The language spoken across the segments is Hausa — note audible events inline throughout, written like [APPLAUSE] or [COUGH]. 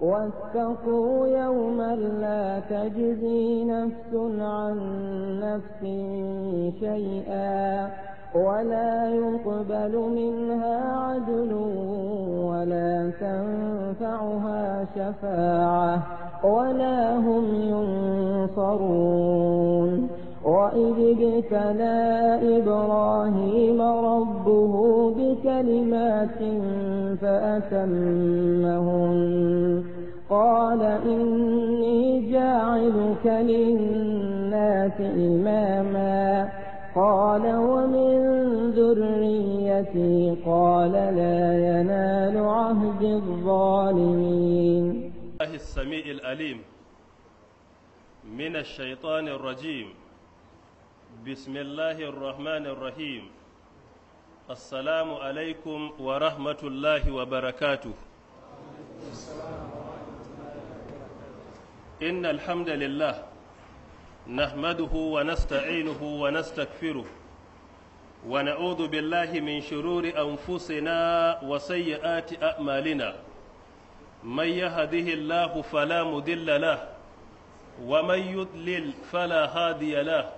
واتقوا يوما لا تجزي نفس عن نفس شيئا ولا يقبل منها عدل ولا تنفعها شفاعة ولا هم ينصرون وإذ ابتلى إبراهيم ربه بكلمات فأتمهن قال إني جاعلك للناس إماما قال ومن ذريتي قال لا ينال عهد الظالمين الله السميع الأليم من الشيطان الرجيم بسم الله الرحمن الرحيم السلام عليكم ورحمة الله وبركاته إن الحمد لله نحمده ونستعينه ونستكفره ونعوذ بالله من شرور أنفسنا وسيئات أعمالنا من يهده الله فلا مضل له ومن يضلل فلا هادي له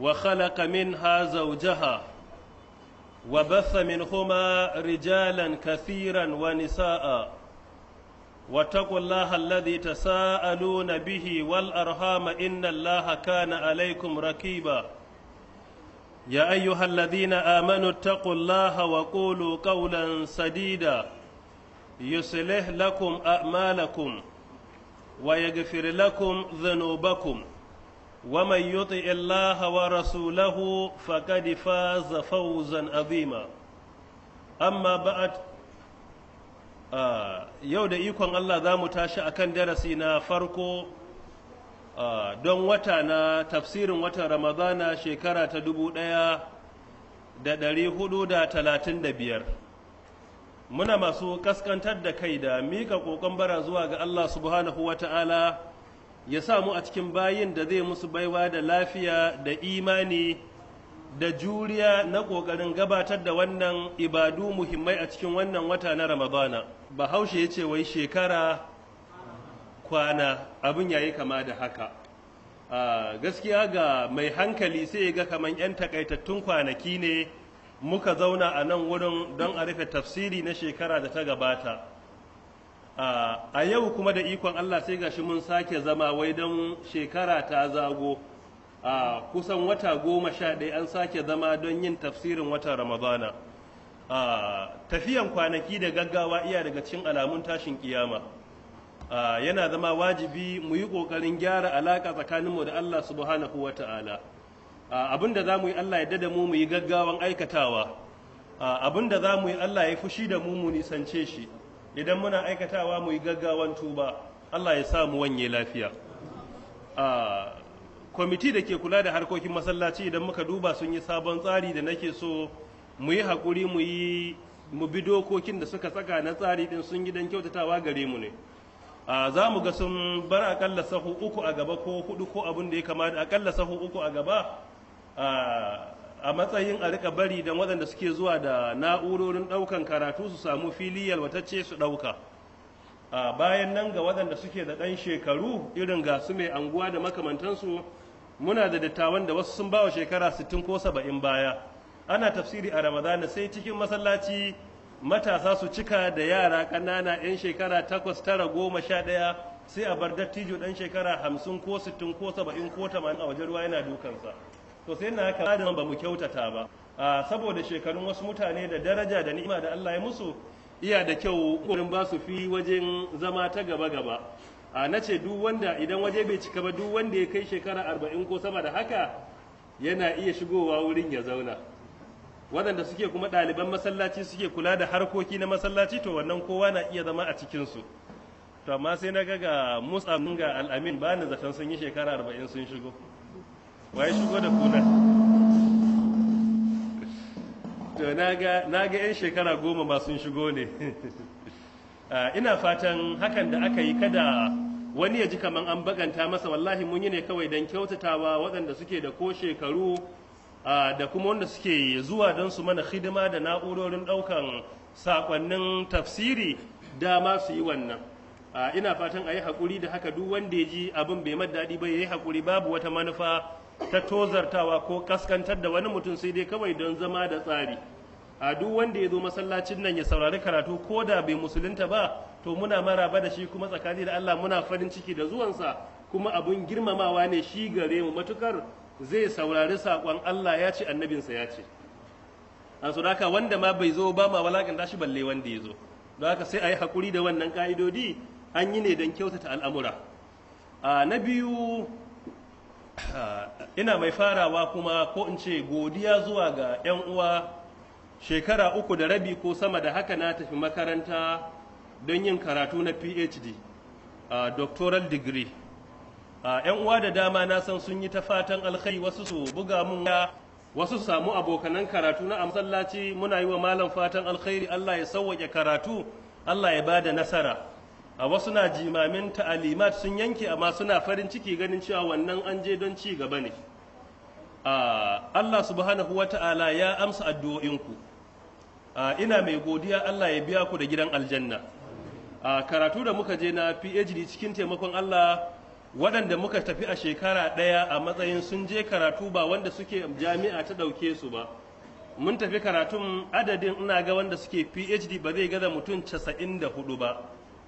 وخلق منها زوجها وبث منهما رجالا كثيرا ونساء واتقوا الله الذي تساءلون به والأرhام إن الله كان عليكم ركيبا يا أيها الذين آمنوا اتقوا الله وقولوا قولا سديدا يصلح لكم أعمالكم ويغفر لكم ذنوبكم ومن يطع الله ورسوله فقد فاز فوزا عظيما أما بعد yau da ikon Allah za mu tashi a kan darasi na farko don wata na tafsirin watan Ramadana shekara ta dubu ɗaya da ɗari hudu da talatin da biyar muna masu kaskantar da kai da mika ƙoƙon bara zuwa ga Allah subhanahu wa ta'ala ya mu a cikin bayin da zai musu baiwa da lafiya da imani da juriya na ƙoƙarin gabatar da wannan ibadu muhimmai a cikin wannan wata na ramadana bahaushe ya ce wai shekara kwana abin yayi kama da haka gaskiya ga mai hankali sai ga kamar 'yan takaitattun kwanaki ne muka zauna a nan wurin don a rufe tafsiri na shekara da ta gabata a yau kuma da ikon Allah sai gashi mun sake zama wai don shekara ta zago a kusan wata goma sha ɗaya an sake zama don yin tafsirin wata ramadana tafiyan kwanaki da gaggawa iya daga cikin alamun tashin kiyama yana zama wajibi mu yi ƙoƙarin gyara alaƙa tsakaninmu da Allah subhanahu wa ta'ala abin da za mu yi Allah ya dada mu mu yi gaggawan aikatawa abin da za mu yi Allah ya fushi da mu mu nisance shi idan muna aikatawa mu yi gaggawan tuba Allah ya sa mu wanye lafiya a kwamiti da ke kula da harkokin masallaci idan muka duba sun yi sabon tsari da nake so mu yi haƙuri mu yi mu bi dokokin da suka tsaka na tsari din sun yi don kyautatawa gare mu ne za mu ga sun bar akalla sahu uku a gaba ko hudu ko abin da ya kamata akalla sahu uku a gaba a matsayin a rika bari don waɗanda suke zuwa da na'urorin ɗaukan karatu su samu fili yalwatacce su ɗauka a bayan nan ga waɗanda suke da ɗan shekaru irin ga su mai anguwa da makamantansu muna da dattawan da wasu sun bawa shekara 60 ko 70 baya ana tafsiri a ramadana sai cikin masallaci matasa su cika da yara ƙanana 'yan shekara 8 tara goma sha ɗaya sai a bar dattijo ɗan shekara 50 ko 60 ko 70 ko 80 a wajen ruwa yana dukansa to sai na haka da ba mu kyautata ba saboda shekarun wasu mutane da daraja da ni'ima da Allah ya musu iya da kyau gurin ba su fi wajen zama ta gaba gaba a nace duk wanda idan waje bai cika ba duk wanda ya kai shekara arba'in ko sama da haka yana iya shigowa wurin ya zauna waɗanda suke kuma ɗaliban masallaci suke kula da harkoki na masallaci to wannan kowa na iya zama a cikinsu to amma sai na ga ga musa ga al'amin ba ni zaton sun yi shekara arba'in sun shigo waye shigo da kuna to na ga 'yan shekara goma ma sun shigo ne [LAUGHS] ah, ina fatan hakan da aka yi kada wani ya ji kaman an baganta masa wallahi mun yi ne kawai don kyautatawa waɗanda suke da ko shekaru ah, da kuma wanda suke zuwa don su mana hidima da na'urorin ɗaukan saƙonnin tafsiri dama su yi wannan ah, ina fatan a yi haƙuri da haka duk wanda ya ji abin bai daɗi ba ya yi haƙuri babu wata manufa ta tozartawa ko kaskantar da wani mutum sai dai kawai don zama da tsari a duk wanda ya zo masallacin nan ya saurari karatu ko da bai musulunta ba to muna maraba da shi kuma tsakani da Allah muna farin ciki da zuwansa kuma abun girmamawa ne shi gare mu matukar zai saurari saƙon Allah ya ce annabinsa ya ce an su haka wanda ma bai zo ba ma walakanta shi balle wanda ya zo don haka sai a yi haƙuri da wannan ƙa'idodi an yi ne don kyautata al'amura A na biyu Uh, ina mai farawa kuma ko in ce godiya zuwa ga 'yan uwa shekara uku da rabi ko sama da haka na tafi makaranta don yin karatu na phd a doctoral degree yan uwa da dama na san sun yi ta fatan alkhai wasu su buga mun wasu su samu abokanan karatu na masallaci muna yi wa malam fatan alkhairi allah ya sauwaƙe karatu allah ya ba da nasara a wasu na jimamin ta'alimat sun yanke amma suna farin ciki ganin cewa wannan an je don ci gaba ne Allah subhanahu wata'ala ya amsa addu'o'inku ina mai godiya Allah ya biya ku da gidan aljanna karatu da muka je na PhD cikin taimakon Allah waɗanda muka tafi a shekara ɗaya a matsayin sun je karatu ba wanda suke jami'a ta ɗauke su ba mun tafi karatun adadin ina ga wanda suke PhD ba zai gaza mutum 94 ba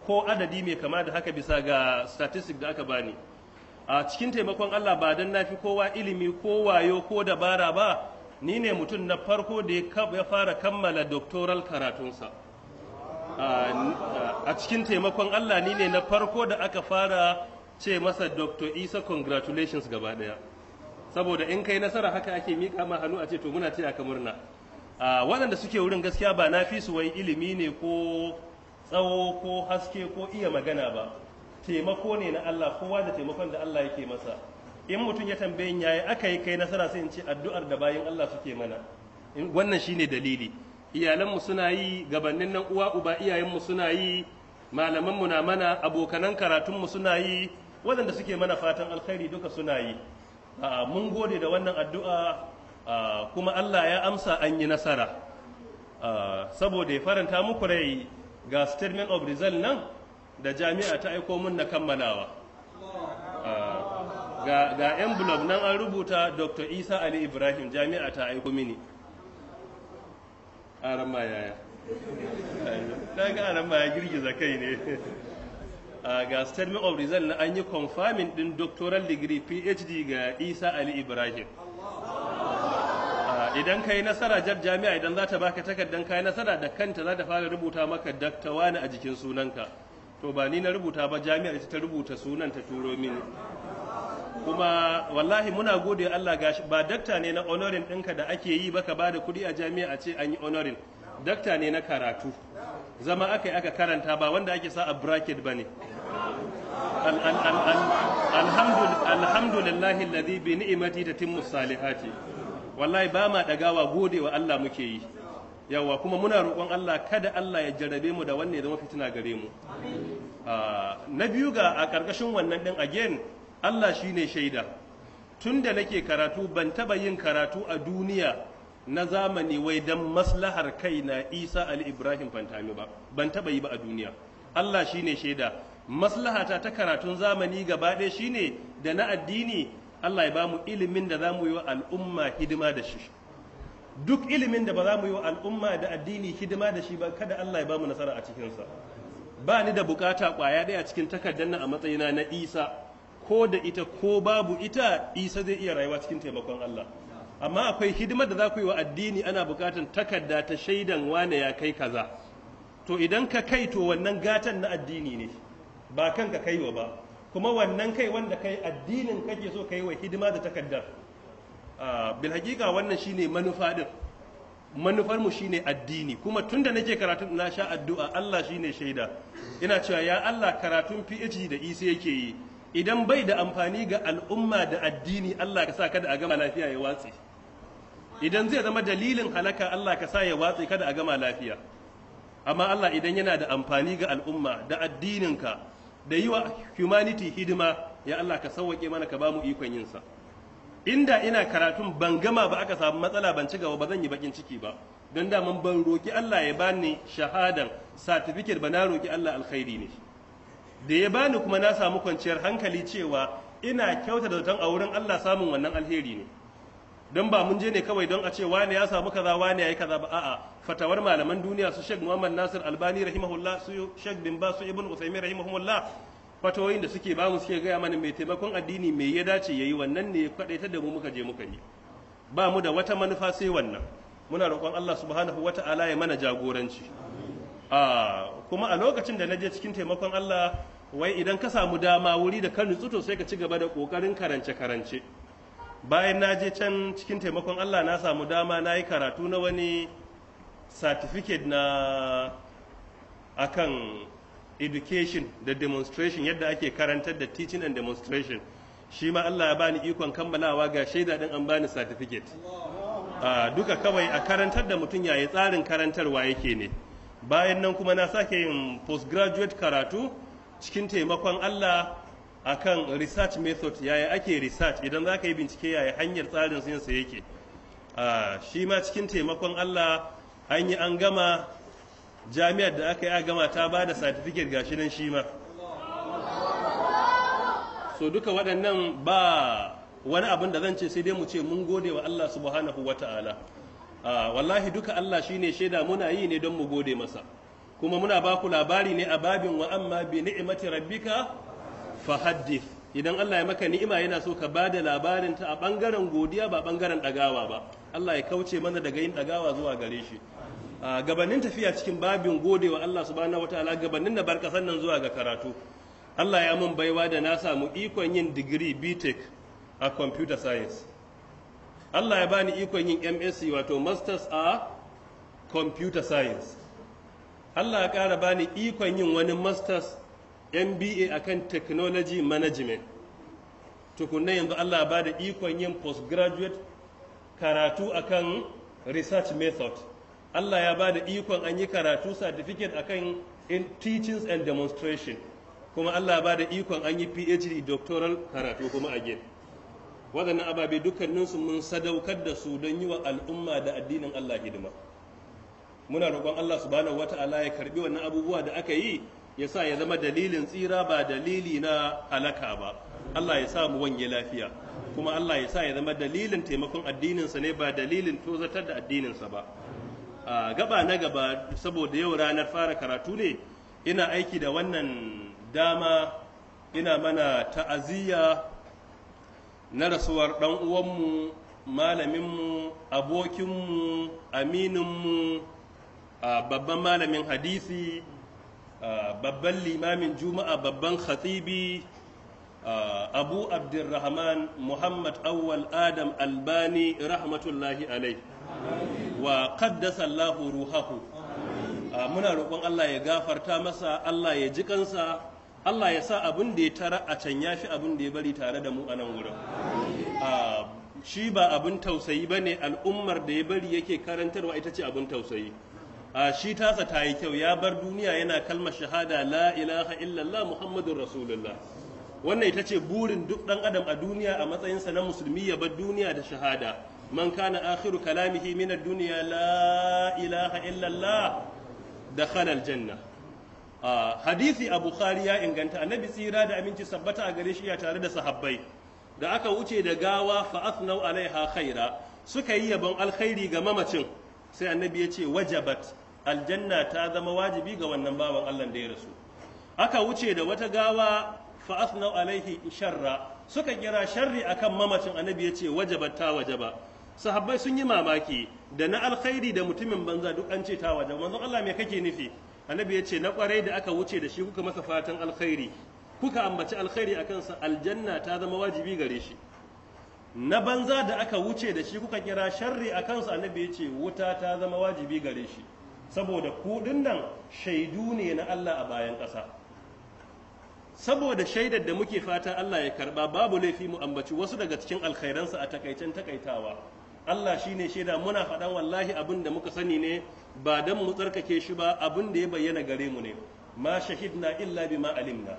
ko adadi mai kama da haka bisa ga statistics da aka bani a cikin taimakon Allah ba dan nafi kowa ilimi ko wayo ko dabara ba ni ne mutum na farko da ya fara kammala doctoral karatunsa a cikin taimakon Allah ni ne na farko da aka fara ce masa Dr. Isa congratulations gaba daya saboda in kai nasara haka ake miƙa ma hannu a ce to muna taya aka murna waɗanda suke wurin gaskiya ba na fi su wai ilimi ne ko tsawo ko haske ko iya magana ba taimako ne na Allah kowa da taimakon da Allah yake masa in mutum ya tambaye yayi aka yi kai nasara sai in ce addu'ar da bayin Allah suke mana wannan shine dalili mu suna yi gabanin nan uwa uba iyayen mu suna yi malaman mu na mana abokanan mu suna yi waɗanda suke mana fatan alkhairi duka suna yi mun gode da wannan addu'a kuma Allah ya amsa an yi nasara saboda ya faranta muku rai ga statement of result nan da jami'a ta aiko mun na kammalawa ah, ga envelope nan an rubuta dr isa ali ibrahim jami'a ta aiko mini arama yaya daga aran ya girgiza kai ne [LAUGHS] ah, ga statement of result na an yi confirming din doctoral degree phd ga isa ali ibrahim idan kai nasara jar jami'a idan za ta baka takardan kai nasara da kanta za ta fara rubuta maka dakta wani a jikin sunanka to ba ni na rubuta ba jami'a ita ta rubuta sunan ta turo mini kuma wallahi muna gode Allah gashi ba dakta ne na honorin ɗinka da ake yi baka ba da kuɗi a jami'a a ce an yi honorin dakta ne na karatu zama aka yi aka karanta ba wanda ake sa a bracket ba ne alhamdulillahi alladhi bi ni'imati tatimmu salihati wallahi ba ma ɗagawa gode wa Allah muke yi yawa kuma muna roƙon Allah kada Allah ya jarrabe mu da wannan za zama fitina gare mu ah, na biyu ga a ƙarƙashin wannan ɗin again Allah shi ne shaida tun da nake karatu ban taɓa yin karatu a duniya na zamani wai don maslahar kai na Isa Ali Ibrahim Fantami ba ban taɓa yi ba a duniya Allah shi ne shaida maslahata ta karatun zamani gaba ɗaya shine da na addini Allah ya ba mu ilimin da za mu yi wa al'umma hidima da shi duk ilimin da ba za mu yi wa al'umma da addini hidima da shi ba kada Allah ya ba mu nasara a cikinsa ba ni da bukata kwaya ɗaya cikin takardar nan a matsayina na isa ko da ita ko babu ita isa zai iya rayuwa cikin taimakon Allah amma akwai hidimar da za ku yi wa addini ana bukatan takarda ta shaidan wane ya kai kaza to idan ka kai to wannan gatan na addini ne ba kanka kaiwa ba kuma wannan kai wanda kai addinin kake so kai wa hidima da takaddar ah, bil hakika wannan shine manufa din manufar mu shine addini kuma tunda nake karatu na sha addu'a Allah shine shaida ina cewa ya Allah karatun PhD da EC yake yi idan bai da amfani ga al'umma da addini Allah ka sa kada a gama lafiya ya watsi. idan zai zama dalilin halaka Allah ka sa ya watse kada a gama lafiya amma Allah idan yana da amfani ga al'umma da addininka da yi wa humanity hidima ya Allah ka sauwaƙe mana ka bamu ikon yin sa inda ina karatun ban gama ba aka samu matsala ban ci gaba ba zan yi bakin ciki ba don da mun ban roki Allah ya bani shahadan certificate ba na roki Allah alkhairi ne da ya bani kuma na samu kwanciyar hankali cewa ina kyautata zaton a wurin Allah samun wannan alheri ne don ba mun je ne kawai don a ce wane ya samu kaza wane ya yi kaza ba a'a fatawar malaman duniya su Sheikh Muhammad Nasir Albani rahimahullah su Sheikh bin Basu Ibn Uthaymeen rahimahullah fatawoyin da suke bamu suke gaya mana mai taimakon addini mai ya dace ya yayi wannan ne ta da mu muka je muka yi ba mu da wata manufa sai wannan muna roƙon Allah subhanahu wata'ala ya mana jagoranci a kuma a lokacin da na je cikin taimakon Allah wai idan ka samu dama wuri da kan nutsu to sai ka ci gaba da ƙoƙarin karance karance bayan na je can cikin taimakon Allah na samu dama na yi karatu na wani certificate na akan education da demonstration yadda ake karantar da teaching and demonstration shi ma Allah ya bani ikon kammalawa ga shaida din an bani certificate a duka kawai a karantar da mutum yayi tsarin karantarwa yake ne bayan nan kuma na sake yin postgraduate karatu cikin taimakon Allah akan research method yaya ake research idan za ka yi bincike yaya hanyar tsarin sa yake ah, shi ma cikin taimakon allah an yi an gama jami'ar da aka yi a gama ta ba da certificate ga nan shi ma so duka waɗannan ba wani abin da zan ce sai dai mu ce mun gode wa allah subhanahu wa ta'ala ah, wallahi duka allah shi ne shaida muna yi ne don mu gode masa kuma muna ba ku labari ne a babin wa amma bi ni'imati rabbika fahaddif idan Allah ya maka ni'ima yana so ka bada labarin ta a bangaren godiya ba bangaren dagawa ba Allah ya kauce mana daga yin dagawa zuwa gare shi gabanin tafiya cikin babin godewa Allah subhanahu wataala gabanin na bar sannan zuwa ga karatu Allah ya mun baiwa da na samu ikon yin digiri BTech a computer science Allah ya bani ikon yin MSc wato masters a computer science Allah ya kara bani ikon yin wani masters mba akan technology management tukunna yanzu allah ba da ikon yin postgraduate karatu akan research method allah ya ba da ikon an yi karatu certificate akan in teachings and demonstration kuma allah ba da ikon an yi phd doctoral karatu kuma a gefe waɗannan ababe dukkaninsu mun sadaukar da su don yi wa al'umma da addinin allah hidima muna roƙon allah su wata wata'ala ya karbi wannan abubuwa da aka yi ya sa ya zama dalilin tsira ba dalili na alaka ba Allah ya sa mu wanye lafiya kuma Allah ya sa ya zama dalilin taimakon addininsa ne ba dalilin tozatar da addininsa ba a gaba na gaba saboda yau ranar fara karatu ne ina aiki da wannan dama ina mana ta'aziyya na rasuwar ɗan'uwanmu, uwanmu malaminmu abokinmu amininmu babban malamin hadisi Ah, babban limamin juma'a babban khatibi ah, abu abdurrahman muhammad awwal adam albani rahmatullahi alai wa kaddasa allahu ruhahu ah, muna roƙon allah ya gafarta masa allah ya ji kansa allah ya sa abin da ya tara a can ya fi abin da ya bari tare da mu a nan wurin shi ba abin tausayi ba ne al'ummar da ya bari yake karantarwa ita ce abin tausayi a shi tasa ta yi kyau ya bar duniya yana kalmar shahada la ilaha illallah muhammadun rasulullah wannan ita ce burin duk ɗan adam a duniya a matsayinsa na musulmi ya bar duniya da shahada man kana akhiru kalamihi min ad-dunya la ilaha illallah dakhala al-janna hadisi a bukhari ya inganta annabi tsira da aminci sabbata a gare shi ya tare da sahabbai da aka wuce da gawa fa asnau alaiha khaira suka yi yabon alkhairi ga mamacin sai annabi ya ce wajabat aljanna ta zama wajibi ga wannan bawan Allah da ya rasu aka wuce da wata gawa fa asnau alaihi sharra suka kira sharri akan mamacin annabi yace wajaba ta wajaba sahabbai sun yi mamaki da na alkhairi da mutumin banza duk an ce ta wajaba manzon Allah me kake nufi annabi yace na kwarai da aka wuce da shi kuka masa fatan alkhairi kuka ambaci alkhairi a kansa aljanna ta zama wajibi gare shi na banza da aka wuce da shi kuka kira sharri a kansa annabi yace wuta ta zama wajibi gare shi saboda kuɗin nan shaidu ne na Allah a bayan ƙasa saboda shaidar da muke fata Allah ya karba babu laifi mu ambaci wasu daga cikin alkhairansa a takaicen takaitawa Allah shine shaida muna faɗan wallahi abin da muka sani ne ba dan mu tsarkake shi ba abin da ya bayyana gare mu ne ma shahidna illa bima alimna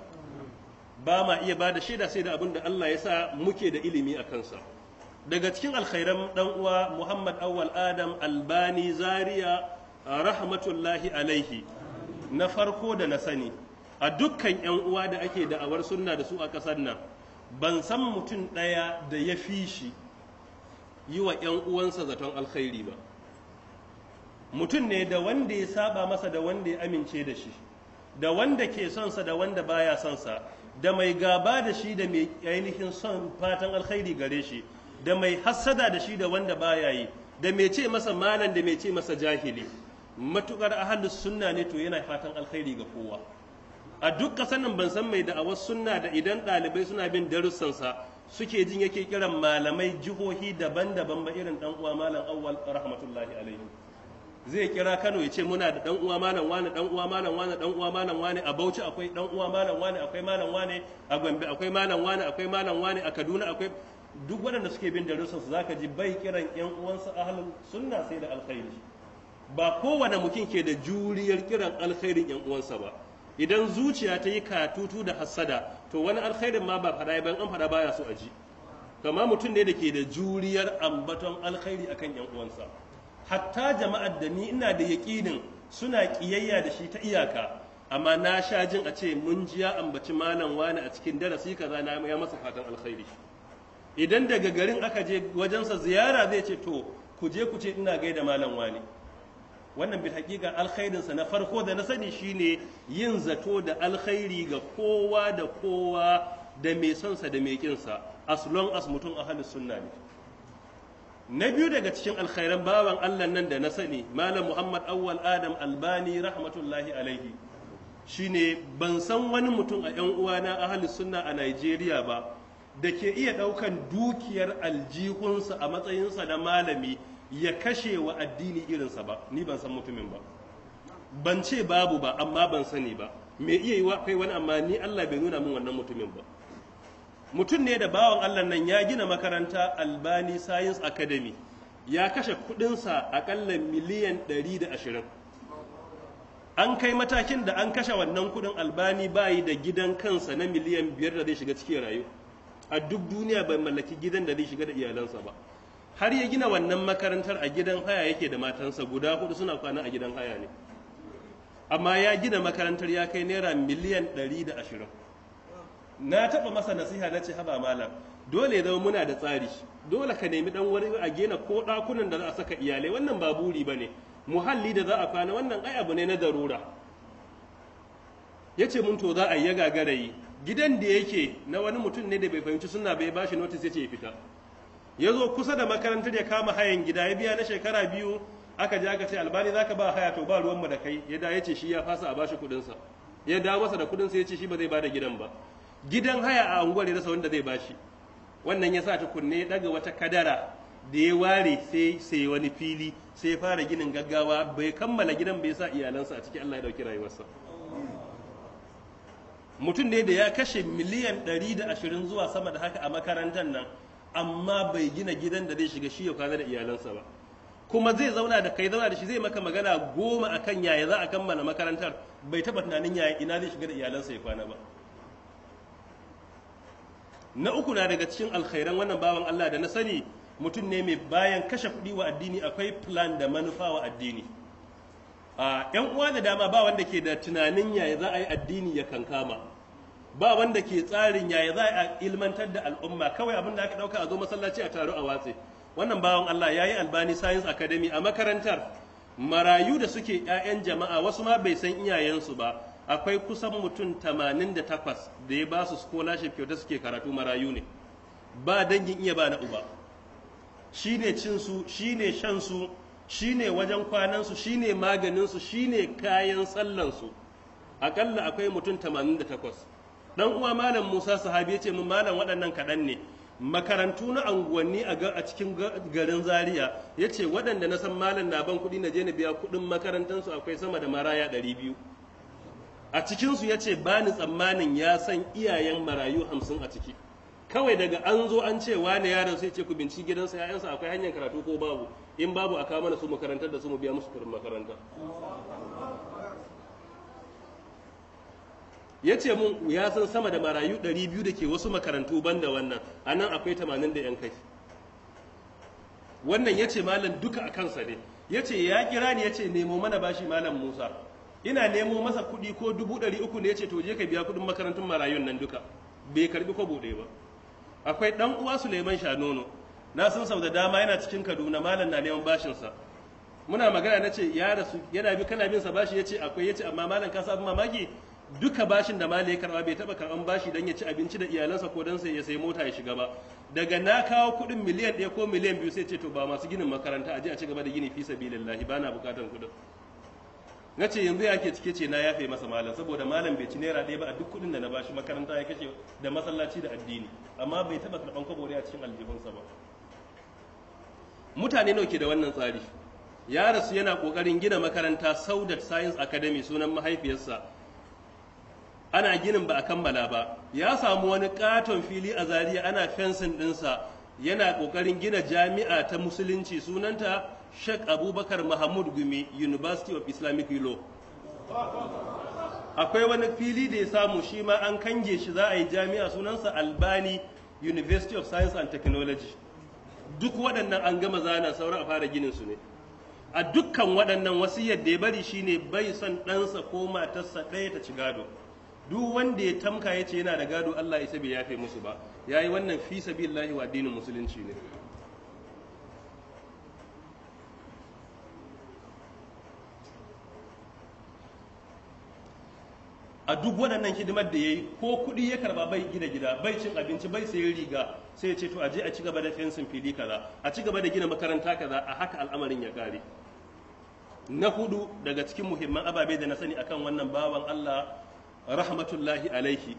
ba ma iya ba da shaida sai da abin da Allah ya sa muke da ilimi a kansa daga cikin alkhairan dan uwa Muhammad Awwal Adam Albani Zaria rahmatullahi alaihi na farko da na sani a dukkan 'yan uwa da ake da'awar sunna da su a ƙasar nan ban san mutum ɗaya da ya fi shi yi wa 'yan uwansa zaton alkhairi ba mutum ne da wanda ya saba masa da wanda ya amince da shi da wanda ke sonsa da wanda baya sonsa da mai gaba da shi da mai ainihin son fatan alkhairi gare shi da mai hassada da shi da wanda baya yi da mai ce masa malam da mai ce masa jahili matukar ahalus sunna ne to yana fatan alkhairi ga kowa a duk kasan nan ban san mai da'awar sunna da idan ɗalibai suna bin darussansa suke jin yake kiran malamai jihohi daban-daban ba irin dan uwa malam awwal rahmatullahi alaihi zai kira Kano ya ce muna da dan uwa malam wani dan uwa malam wani dan uwa malam wani a Bauchi akwai dan uwa malam wani akwai malam wani a Gombe akwai malam wani akwai malam wani a Kaduna akwai duk waɗanda suke bin darussansu zaka ji bai kiran yan uwansa ahlul sunna sai da alkhairi ba kowane mutum ke da juriyar kiran alkhairin yan uwansa ba idan zuciya ta yi katutu da hassada to wani alkhairin ma ba fada ba an fada baya so a ji kama mutum ne da ke da juriyar ambaton alkhairi akan yan uwansa hatta jama'ar da ni ina da yakinin suna kiyayya da shi ta iyaka amma na sha jin a ce mun jiya ya ambaci malam wani a cikin darasi kaza na ya masa fatan alkhairi idan daga garin aka je wajensa ziyara zai ce to ku je ku ce ina gaida malam wani wannan bil haƙiƙa sa na farko da na sani shine yin zato da alkhairi ga kowa da kowa da mai sonsa da mai ƙinsa as long as mutum ahli sunna ne na biyu daga cikin alkhairan baban Allah nan da na sani malam Muhammad Awwal Adam Albani rahmatullahi alaihi shine ban san wani mutum a ƴan uwana ahli sunna a Najeriya ba da ke iya ɗaukan dukiyar aljihunsa a matsayinsa na malami ya kashe wa addini irinsa ba ni ban san mutumin ba ban ce babu ba amma ban sani ba me iya yi kai wani amma ni Allah bai nuna min wannan mutumin ba mutum ne da bawan Allah nan ya gina makaranta Albani Science Academy ya kashe kudinsa akalla miliyan 120 an kai matakin da an kashe wannan kudin Albani bayi da gidan kansa na miliyan biyar da zai shiga cikin rayu a duk duniya bai mallaki gidan da zai shiga da iyalansa ba har ya gina wannan makarantar a gidan haya yake da matansa guda hudu suna kwana a gidan haya ne amma ya gina makarantar ya kai naira miliyan 120 na taba masa nasiha na ce haba malam dole ya zama muna da tsari dole ka nemi dan wani a gina ko dakunan da za a saka iyalai wannan ba buri ba ne muhalli da za a kwana wannan ai abu ne na darura ya ce mun to za a yi ya gagarayi gidan da yake na wani mutum ne da bai fahimci suna bai bashi notice ya ce ya fita ya zo kusa da makarantar ya kama hayan gida ya biya na shekara biyu aka je aka ce albani zaka ba haya to ba ruwanmu da kai ya da ya ce shi ya fasa a bashi kuɗinsa ya dawo masa da kuɗinsa ya ce shi ba zai bada gidan ba gidan haya a unguwar ya rasa wanda zai bashi wannan ya sa tukunne daga wata kadara da ya ware sai sai wani fili sai ya fara ginin gaggawa bai kammala gidan bai sa iyalansa a ciki Allah ya dauki rayuwarsa mutum ne da ya kashe miliyan 120 zuwa sama da haka a makarantar nan amma bai gina gidan da zai shiga shi ya kwana da iyalansa ba kuma zai zauna da kai zauna da shi zai maka magana goma akan yaya za a kammala makarantar bai taba tunanin yaya ina zai shiga da iyalansa ya kwana ba na uku na daga cikin alkhairan wannan bawan Allah da na sani mutum ne mai bayan kashe kuɗi wa addini akwai plan da manufa wa addini a yan uwa da dama ba wanda ke da tunanin yaya za a yi addini ya kankama ba wanda ke tsarin yaya za a ilmantar da al'umma kawai abin da aka dauka a zo masallaci a taro a watse wannan bawan Allah ya yi Albani Science Academy a makarantar marayu da suke 'ya'yan jama'a wasu ma bai san iyayensu ba akwai kusan mutum 88 da ya ba su scholarship kyauta suke karatu marayu ne ba dangin iya ba na uba shine cin su shine shan su shine wajen kwanan su shine maganin su shine kayan sallan su akalla akwai mutum 88 dan uwa malam Musa sahabi ya ce mun malam waɗannan kaɗan ne makarantu na anguwanni a cikin garin Zaria ya ce waɗanda na san malam na ban kuɗi na je na biya kuɗin makarantansu akwai sama da maraya ɗari biyu a cikinsu ya ce ba ni tsammanin ya san iyayen marayu hamsin a ciki kawai daga an zo an ce wani yaron sai ce ku binci gidansa yayansa akwai hanyar karatu ko babu in babu a kawo mana su makarantar da su mu biya musu kuɗin makaranta ya ce mun ya san sama da marayu 200 da ke wasu makarantu banda wannan a nan akwai 80 da 'yan kai wannan ya ce malam duka a kansa ne ya ce ya kira ni ya ce nemo mana bashi malam musa ina nemo masa kuɗi ko dubu uku ne ya ce to je ka biya kuɗin makarantun marayun nan duka bai karbi kwabo ɗaya ba akwai ɗan uwa suleiman shanono na san sau da dama yana cikin kaduna malam na neman bashinsa muna magana na ce ya rasu yana bi kana bin sa bashi ya ce akwai ya ce amma malam ka sa mamaki duka bashin da mali ya karba bai taba karban bashi dan ya ci abinci da iyalansa ko dan sai ya sai mota ya shiga ba daga na kawo kuɗin miliyan ɗaya ko miliyan biyu sai ce to ba masu ginin makaranta a je a ci gaba da gini fi sabilillahi ba na bukatar kuɗin na ce yanzu ya ke cike ce na yafe masa malam saboda malam bai ci naira ɗaya ba a duk kuɗin da na bashi makaranta ya kashe da masallaci da addini amma bai taɓa karɓan kwabo a cikin aljihunsa ba mutane nawa ke da wannan tsari ya rasu yana kokarin gina makaranta saudat science academy sunan mahaifiyarsa ana ginin ba a kammala ba ya samu wani katon fili a zariya ana fensin sa yana kokarin gina jami'a ta musulunci sunanta sheikh abubakar mahmud gumi university of islamic law akwai wani fili da ya samu shi ma an kange shi za a yi jami'a sunansa albani university of science and technology duk waɗannan an gama zana sauran a fara ginin su ne a dukkan waɗannan wasu yadda ya bari shine bai son ɗansa ko matarsa ɗaya ta ci gado duk wanda ya tamka ya ce yana da gado Allah isa bai yafe musu ba ya yi wannan fi Allah wa addinin musulunci ne a duk waɗannan hidimar da ya yi ko kuɗi ya karba bai gina gida bai cin abinci bai sayan riga sai ya ce to aje a ci gaba da fensin fili kaza a ci gaba da gina makaranta kaza a haka al'amarin ya kare na hudu daga cikin muhimman ababe da na sani akan wannan bawan Allah rahmatullahi alaihi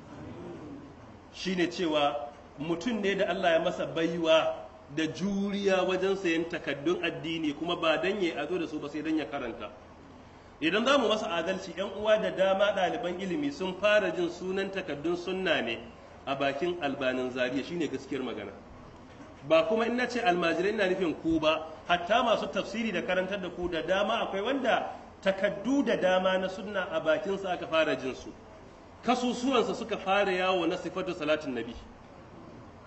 shi ne cewa mutum ne da Allah ya masa baiwa da juriya wajen sayan takaddun addini kuma ba dan ya azo da su ba sai dan ya karanta idan za mu masa adalci yan uwa da dama ɗaliban ilimi sun fara jin sunan takaddun sunna ne a bakin albanin zariya shine gaskiyar magana ba kuma in na ce almajirai na nufin ku ba hatta masu tafsiri da karantar da ku da dama akwai wanda takaddu da dama na sunna a bakinsa aka fara jin su kasusuwansa suka fara yawo na sifatu salatin nabi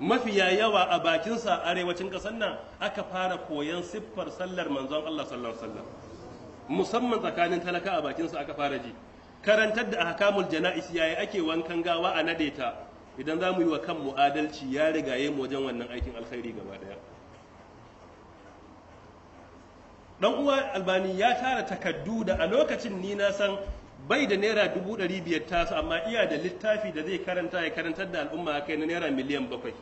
mafiya yawa a bakinsa arewacin ƙasar nan aka fara koyan siffar sallar manzon Allah sallallahu sallam musamman tsakanin talaka a bakinsa aka fara ji karantar da ahkamul jana'is yayi ake wankan gawa a nade ta idan za mu yi wa kanmu adalci ya rigaye mu wajen wannan aikin alkhairi gaba daya dan uwa albani ya tara takaddu da a lokacin ni na san bai da naira dubu ɗari biyar tasu amma iya da littafi da zai karanta ya karantar da al'umma kai na naira miliyan bakwai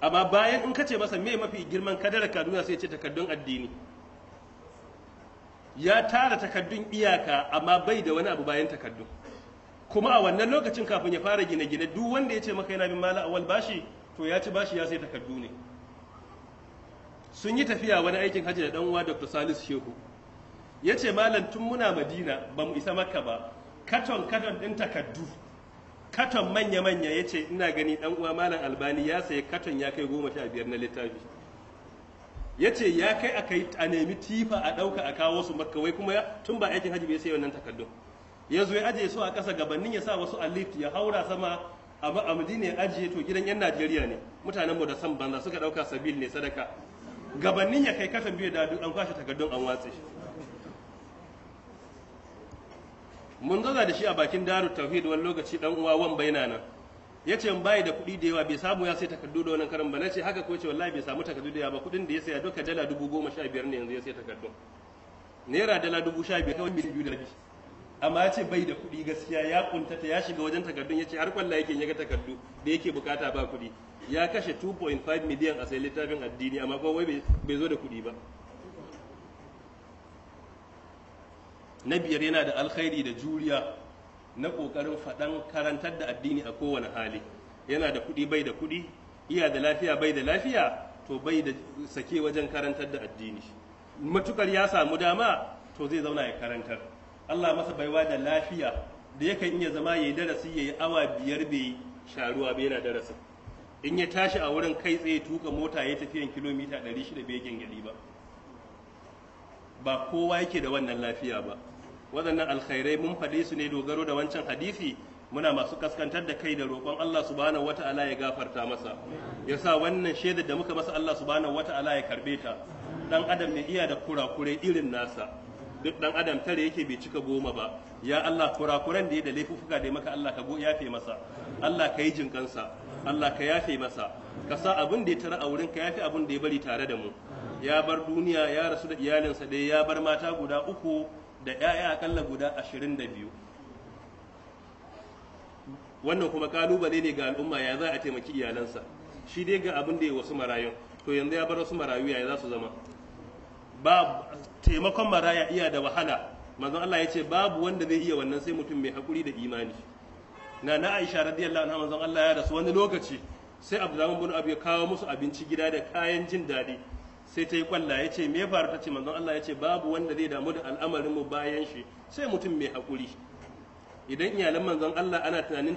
amma bayan in ka ce masa me mafi girman kadara kaduna sai ce takardun addini ya tara takardun iyaka amma bai da wani abu bayan takardun kuma a wannan lokacin kafin ya fara gine-gine duk wanda ya ce maka yana bin mala awal bashi to ya ci bashi ya sai takardu ne sun yi tafiya wani aikin hajji da uwa dr salisu shehu ya ce malam tun muna madina ba mu isa maka ba katon katon ɗin takaddu katon manya-manya ya ce ina gani ɗan uwa malam albani ya sayi katon ya kai goma sha biyar na littafi ya ce ya kai a kai a nemi tifa a ɗauka a kawo su makka wai kuma tun ba aikin hajji bai sai wannan takaddun ya zo ya ajiye su a kasa gabanin ya sa wasu a lift ya haura sama a madina ya ajiye to gidan yan najeriya ne mutanen mu da san banza suka ɗauka sabil ne sadaka gabanin ya kai katon biyu da an kwashe takaddun an watse mun zauna da shi a bakin daru tauhid wani lokaci dan uwa wan baina nan yace in bai da kuɗi da yawa bai samu ya sai takardu da wannan karan ba nace haka ko yace wallahi bai samu takardu da yawa ba kuɗin da ya saya duka dala dubu goma sha biyar ne yanzu ya sai takardu naira dala dubu sha biyar kawai miliyan biyu da rabi amma yace bai da kuɗi gaskiya ya kuntata ya shiga wajen takardun yace har kwalla yake yin takardu da yake bukata ba kuɗi ya kashe 2.5 miliyan a sai littafin addini amma kuma wai bai zo da kuɗi ba na biyar yana da alkhairi da juriya na ƙoƙarin faɗan karantar da addini a kowane hali yana da kuɗi bai da kuɗi iya da lafiya bai da lafiya to bai da sake wajen karantar da addini matukar ya samu dama to zai zauna ya karantar Allah masa baiwa da lafiya da yakan iya zama yayi darasi yayi awa biyar bai sharuwa bai yana darasi. in ya tashi a wurin kai tsaye tuka mota ya tafiyan kilomita 600 bai gengeli ba ba kowa yake da wannan lafiya ba waɗannan alkhairai mun faɗe su ne dogaro da wancan hadisi muna masu kaskantar da kai da roƙon Allah subhanahu wata'ala ya gafarta masa ya sa wannan shaidar da muka masa Allah subhanahu wata'ala ya karbe ta dan adam ne iya da kurakurai irin nasa duk dan adam tare yake bai cika goma ba ya Allah kurakuran da ya da laifuka da maka Allah ka yafe masa Allah ka yi jinkansa Allah ka yafe masa ka sa abin da ya tara a wurin ka yafe abin da ya bari tare da mu ya bar duniya ya rasu da iyalinsa daya ya bar mata guda uku da 'ya'ya akalla guda ashirin da biyu wannan kuma kalubale ne ga al'umma ya za a taimaki iyalansa shi dai ga abin da ya wasu marayun to yanzu ya bar wasu marayu ya za su zama taimakon maraya iya da wahala mazan Allah ya ce babu wanda zai iya wannan sai mutum mai hakuri da imani na na Aisha radiyallahu anha manzon Allah ya rasu wani lokaci sai Abdurrahman bin abu ya kawo musu abinci gida da kayan jin daɗi sai ta yi kwalla ya ce me faru ta ce manzon Allah ya ce babu wanda zai damu da al'amarin mu bayan shi sai mutum mai haƙuri idan iyalan manzon Allah ana tunanin